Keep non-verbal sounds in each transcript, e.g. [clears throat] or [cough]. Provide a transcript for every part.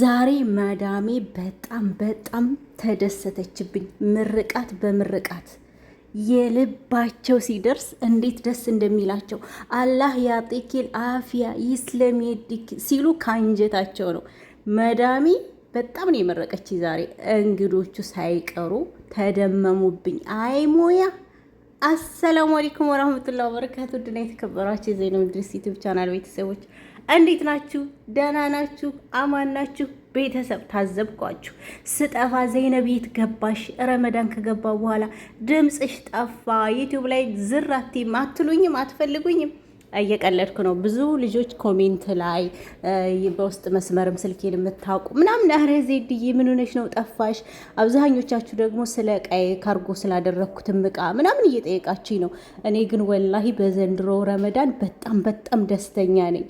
ዛሬ ማዳሜ በጣም በጣም ተደሰተችብኝ። ምርቃት በምርቃት የልባቸው ሲደርስ እንዴት ደስ እንደሚላቸው አላህ ያጤኬል አፍያ ይስለም የድክ ሲሉ ካንጀታቸው ነው። መዳሜ በጣም ነው የመረቀች ዛሬ። እንግዶቹ ሳይቀሩ ተደመሙብኝ። አይ ሞያ አሰላሙ አለይኩም ወራህመቱላሂ ወበረካቱ ድና የተከበራቸው የዜና ምድርስ ዩቲዩብ ቻናል ቤተሰቦች እንዴት ናችሁ? ደህና ናችሁ? አማን ናችሁ? ቤተሰብ ታዘብኳችሁ። ስጠፋ ዘይነብ የት ገባሽ? ረመዳን ከገባ በኋላ ድምፅሽ ጠፋ። ዩቲዩብ ላይ ዝራቲ አትሉኝም፣ አትፈልጉኝም እየቀለድኩ ነው። ብዙ ልጆች ኮሜንት ላይ በውስጥ መስመርም ስልኬን የምታውቁ ምናምን ኧረ ዜድዬ ምን ሆነሽ ነው ጠፋሽ? አብዛኞቻችሁ ደግሞ ስለ ቀይ ካርጎ ስላደረግኩትም እቃ ምናምን እየጠየቃችኝ ነው። እኔ ግን ወላሂ በዘንድሮ ረመዳን በጣም በጣም ደስተኛ ነኝ።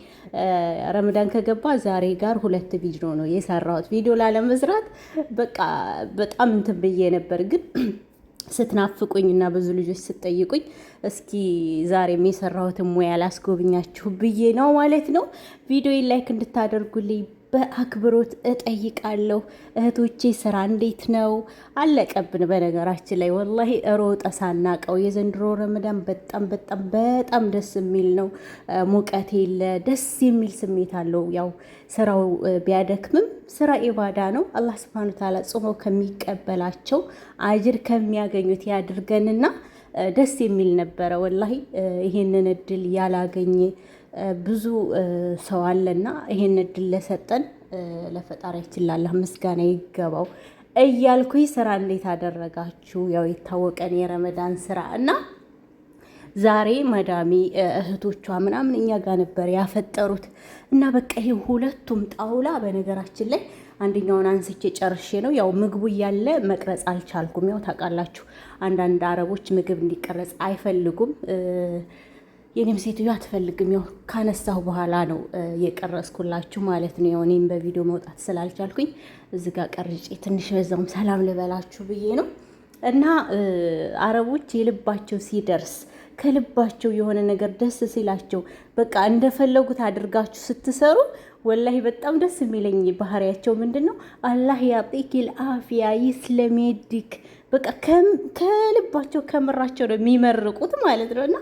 ረመዳን ከገባ ዛሬ ጋር ሁለት ቪዲዮ ነው የሰራሁት። ቪዲዮ ላለመስራት በቃ በጣም እንትን ብዬ ነበር ግን ስትናፍቁኝ እና ብዙ ልጆች ስትጠይቁኝ እስኪ ዛሬም የሰራሁትን ሙያ ላስጎብኛችሁ ብዬ ነው ማለት ነው። ቪዲዮ ላይክ እንድታደርጉልኝ በአክብሮት እጠይቃለሁ። እህቶቼ ስራ እንዴት ነው? አለቀብን። በነገራችን ላይ ወላሂ ሮጠ ሳናቀው የዘንድሮ ረመዳን በጣም በጣም በጣም ደስ የሚል ነው። ሙቀት የለ፣ ደስ የሚል ስሜት አለው። ያው ስራው ቢያደክምም ስራ ኢባዳ ነው። አላህ ስብሃኑ ተዓላ ጾመው ከሚቀበላቸው አጅር ከሚያገኙት ያድርገንና ደስ የሚል ነበረ ወላሂ ይሄንን እድል ያላገኘ ብዙ ሰው አለና ይሄን እድል ለሰጠን ለፈጣሪያችን ላላህ ምስጋና ይገባው እያልኩኝ ስራ እንዴት አደረጋችሁ? ያው የታወቀን የረመዳን ስራ እና ዛሬ መዳሚ እህቶቿ ምናምን እኛ ጋር ነበር ያፈጠሩት እና በቃ ይሄ ሁለቱም ጣውላ በነገራችን ላይ አንደኛውን አንስቼ ጨርሼ ነው። ያው ምግቡ እያለ መቅረጽ አልቻልኩም። ያው ታውቃላችሁ አንዳንድ አረቦች ምግብ እንዲቀረጽ አይፈልጉም። የኔም ሴትዮ አትፈልግም። ያው ካነሳሁ በኋላ ነው የቀረጽኩላችሁ ማለት ነው። ያው እኔም በቪዲዮ መውጣት ስላልቻልኩኝ እዚህ ጋር ቀርጬ ትንሽ በዛውም ሰላም ልበላችሁ ብዬ ነው። እና አረቦች የልባቸው ሲደርስ ከልባቸው የሆነ ነገር ደስ ሲላቸው በቃ እንደፈለጉት አድርጋችሁ ስትሰሩ ወላሂ በጣም ደስ የሚለኝ ባህሪያቸው ምንድን ነው? አላህ ያጢክ ልአፍያ ይስለሜዲክ በቃ ከልባቸው ከምራቸው ነው የሚመርቁት ማለት ነው። እና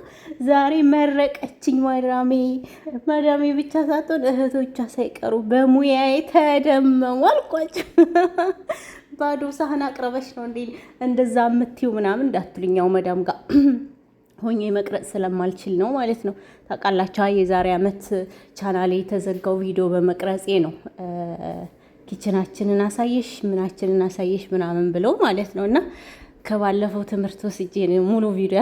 ዛሬ መረቀችኝ ማዳሜ ማዳሜ ብቻ ሳትሆን እህቶቿ ሳይቀሩ በሙያዬ ተደመሙ አልኳቸው። [laughs] ባዶ ሳህን አቅርበሽ ነው እንዴ እንደዛ የምትይው ምናምን እንዳትሉኛው መዳም ጋር [clears throat] ሆኜ መቅረጽ ስለማልችል ነው ማለት ነው። ታውቃላችሁ የዛሬ ዓመት ቻናሌ የተዘጋው ቪዲዮ በመቅረጼ ነው። ኪችናችንን አሳየሽ ምናችንን አሳየሽ ምናምን ብለው ማለት ነው እና ከባለፈው ትምህርት ወስጄ ሙሉ ቪዲዮ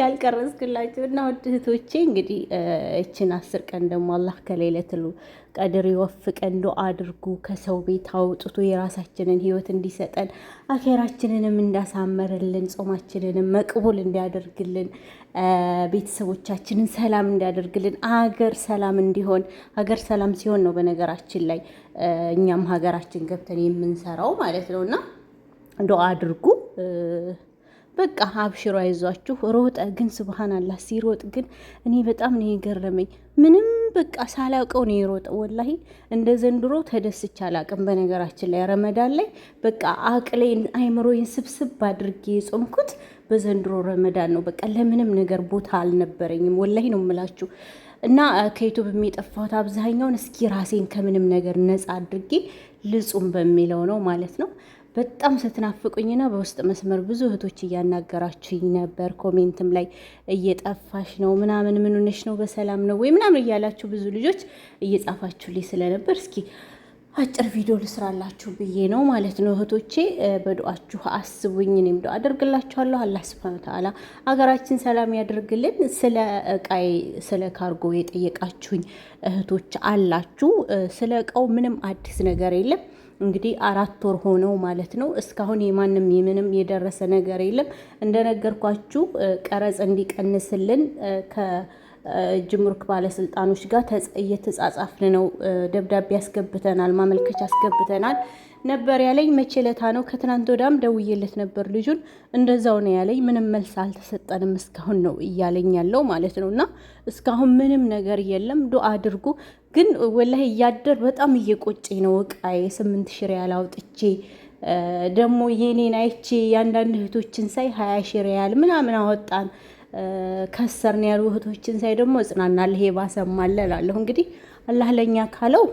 ያልቀረጽኩላችሁ እና ውድ እህቶቼ እንግዲህ እችን አስር ቀን ደግሞ አላህ ከሌለትሉ ቀድር ይወፍቀን። ዱአ አድርጉ። ከሰው ቤት አውጥቶ የራሳችንን ህይወት እንዲሰጠን አኼራችንንም እንዳሳመርልን ጾማችንንም መቅቡል እንዲያደርግልን ቤተሰቦቻችንን ሰላም እንዲያደርግልን አገር ሰላም እንዲሆን ሀገር ሰላም ሲሆን ነው በነገራችን ላይ እኛም ሀገራችን ገብተን የምንሰራው ማለት ነው እና ዱአ አድርጉ። በቃ አብሽሮ አይዟችሁ ሮጠ። ግን ስብሃናላህ ሲሮጥ ግን እኔ በጣም ነው የገረመኝ። ምንም በቃ ሳላውቀው ነው የሮጠ። ወላሂ እንደ ዘንድሮ ተደስቻ አላቅም። በነገራችን ላይ ረመዳን ላይ በቃ አቅሌን አይምሮዬን ስብስብ አድርጌ የጾምኩት በዘንድሮ ረመዳን ነው። በቃ ለምንም ነገር ቦታ አልነበረኝም። ወላሂ ነው የምላችሁ እና ከዩቱብ የሚጠፋሁት አብዛኛውን እስኪ ራሴን ከምንም ነገር ነፃ አድርጌ ልጹም በሚለው ነው ማለት ነው። በጣም ስትናፍቁኝና በውስጥ መስመር ብዙ እህቶች እያናገራችሁኝ ነበር። ኮሜንትም ላይ እየጠፋሽ ነው ምናምን፣ ምን ሆነሽ ነው፣ በሰላም ነው ወይ ምናምን እያላችሁ ብዙ ልጆች እየጻፋችሁልኝ ስለነበር እስኪ አጭር ቪዲዮ ልስራላችሁ ብዬ ነው ማለት ነው እህቶቼ። በዱአችሁ አስቡኝ፣ እኔም ዱአ አደርግላችኋለሁ። አላህ ሱብሃነሁ ተዓላ ሀገራችን ሰላም ያደርግልን። ስለ እቃይ ስለ ካርጎ የጠየቃችሁኝ እህቶች አላችሁ። ስለ እቃው ምንም አዲስ ነገር የለም። እንግዲህ አራት ወር ሆነው ማለት ነው። እስካሁን የማንም የምንም የደረሰ ነገር የለም። እንደነገርኳችሁ ቀረጽ እንዲቀንስልን ጅምሩክ ባለስልጣኖች ጋር እየተጻጻፍን ነው። ደብዳቤ አስገብተናል፣ ማመልከቻ አስገብተናል ነበር ያለኝ። መቼ ለታ ነው? ከትናንት ወዳም ደውዬለት ነበር። ልጁን እንደዛው ነው ያለኝ። ምንም መልስ አልተሰጠንም እስካሁን ነው እያለኝ ያለው ማለት ነው። እና እስካሁን ምንም ነገር የለም። ዱአ አድርጉ። ግን ወላ እያደር በጣም እየቆጨኝ ነው። እቃዬ ስምንት ሽር ሪያል አውጥቼ ደግሞ የኔን አይቼ የአንዳንድ እህቶችን ሳይ ሀያ ሺህ ሪያል ምናምን አወጣን ከሰርን ያሉ እህቶችን ሳይ ደግሞ እጽናናለሁ። ባሰማለ እላለሁ። እንግዲህ አላህ ለእኛ ካለው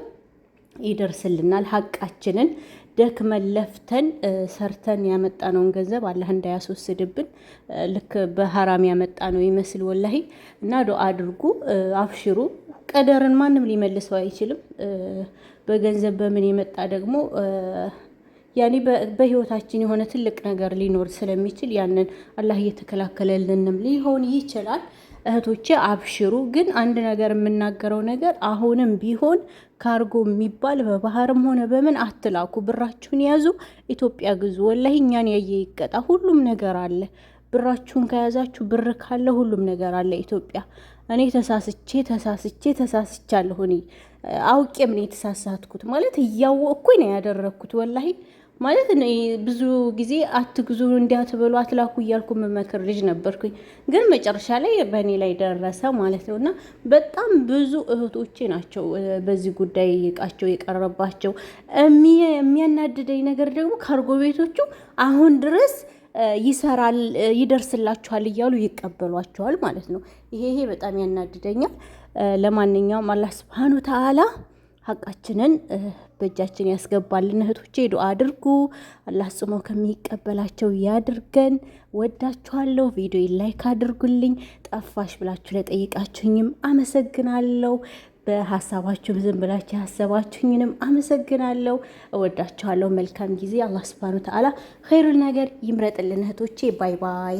ይደርስልናል። ሀቃችንን ደክመን ለፍተን ሰርተን ያመጣነውን ገንዘብ አላህ እንዳያስወስድብን ልክ በሀራም ነው ይመስል ወላሂ። እና ዱአ አድርጉ፣ አብሽሩ። ቀደርን ማንም ሊመልሰው አይችልም። በገንዘብ በምን የመጣ ደግሞ ያኔ በህይወታችን የሆነ ትልቅ ነገር ሊኖር ስለሚችል ያንን አላህ እየተከላከለልንም ሊሆን ይችላል። እህቶቼ አብሽሩ። ግን አንድ ነገር የምናገረው ነገር አሁንም ቢሆን ካርጎ የሚባል በባህርም ሆነ በምን አትላኩ። ብራችሁን ያዙ፣ ኢትዮጵያ ግዙ። ወላሂ እኛን ያየ ይቀጣ። ሁሉም ነገር አለ። ብራችሁን ከያዛችሁ ብር ካለ ሁሉም ነገር አለ ኢትዮጵያ። እኔ ተሳስቼ ተሳስቼ ተሳስቻለሁ። እኔ አውቄም ነው የተሳሳትኩት ማለት እያወቅኩኝ ነው ያደረግኩት ወላሂ ማለት ብዙ ጊዜ አትግዙ እንዲያትበሉ አትላኩ እያልኩ የምመክር ልጅ ነበርኩኝ። ግን መጨረሻ ላይ በእኔ ላይ ደረሰ ማለት ነው እና በጣም ብዙ እህቶቼ ናቸው በዚህ ጉዳይ እቃቸው የቀረባቸው። የሚያናድደኝ ነገር ደግሞ ካርጎ ቤቶቹ አሁን ድረስ ይሰራል ይደርስላችኋል እያሉ ይቀበሏቸዋል ማለት ነው። ይሄ ይሄ በጣም ያናድደኛል። ለማንኛውም አላህ ስብሃኑ ተዓላ ሀቃችንን በእጃችን ያስገባልን። እህቶቼ ዱአ አድርጉ። አላህ ጽሞ ከሚቀበላቸው ያድርገን። ወዳችኋለሁ። ቪዲዮ ላይክ አድርጉልኝ። ጠፋሽ ብላችሁ ለጠይቃችሁኝም አመሰግናለሁ። በሀሳባችሁም ዝም ብላችሁ ያሰባችሁኝንም አመሰግናለሁ። እወዳችኋለሁ። መልካም ጊዜ። አላህ ስብሃነ ወተዓላ ኸይሩን ነገር ይምረጥልን። እህቶቼ ባይ ባይ።